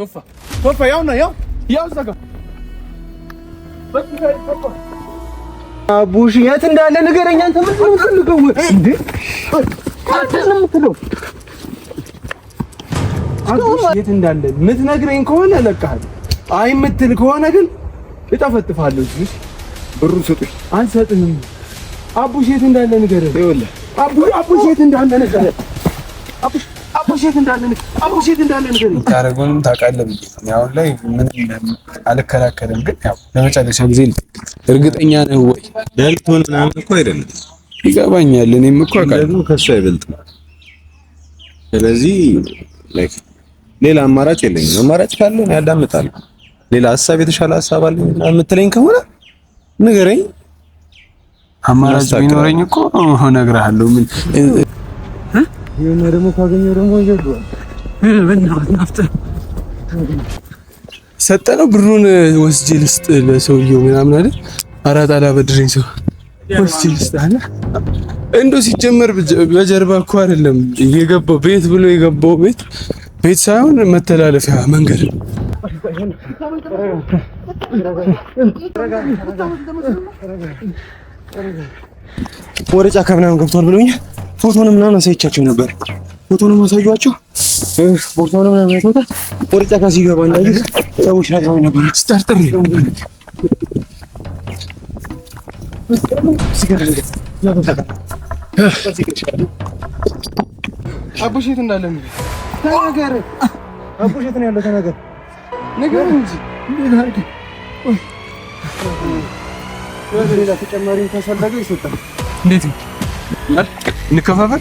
ቶፋ ቶፋ፣ ያው ነው ያው ያው እዛ አቡሽ የት እንዳለ ንገረኝ። አንተ ምን ነው እንዴ? አንተ የምትለው አቡሽ የት እንዳለ የምትነግረኝ ከሆነ አይ የምትል ከሆነ ግን እጠፈጥፋለሁ። እዚህ ብሩን ስጡኝ። አቡሽ የት እንዳለ ንገረኝ። ይኸውልህ አቡሽ የት እንዳለ ንገረኝ። አቡሽ አቦሼት ታውቃለህ አሁን ላይ ምንም አልከላከልም፣ ግን ያው ለመጨረሻ ጊዜ እርግጠኛ ነህ ወይ? ዳልቶን ምናምን እኮ አይደለም። ይገባኛል። እኔም እኮ አውቃለሁ ከሱ አይበልጥም። ስለዚህ ላይክ ሌላ አማራጭ የለኝም። አማራጭ ካለ ነው ያዳምጣለሁ። ሌላ ሀሳብ፣ የተሻለ ሀሳብ አለኝ የምትለኝ ከሆነ ንገረኝ። አማራጭ ቢኖረኝ እኮ እነግርሃለሁ ምን ይሄና ደግሞ ካገኘው ደግሞ ይገባል። ሰጠነው ብሩን ወስጄ ልስጥ ለሰውየው ምናምን አይደል? አራት አላበድረኝ ሰው ወስጄ ልስጥ አለ። እንዶ ሲጀመር በጀርባ እኮ አይደለም የገባው ቤት ብሎ የገባው ቤት ቤት ሳይሆን መተላለፊያ መንገድ ወደ ጫካ ምናምን ገብቷል ብሎኛል። ፎቶን ምናምን አሳይቻቸው ነበር። ፎቶን ማሳዩአቸው ፎቶን ምናምን አይተውታ ወደ ጫካ ሲገባ እንዳየህ ሰዎች ናቸው ነበር ስጠርጥር አቡሽ የት እንዳለ ተናገር። አቡሽ የት ነው ያለው? ተናገር ነገር እንጂ ሌላ ተጨማሪ ከፈለገ ይሰጣል። እንዴት ነው እንከፋፈል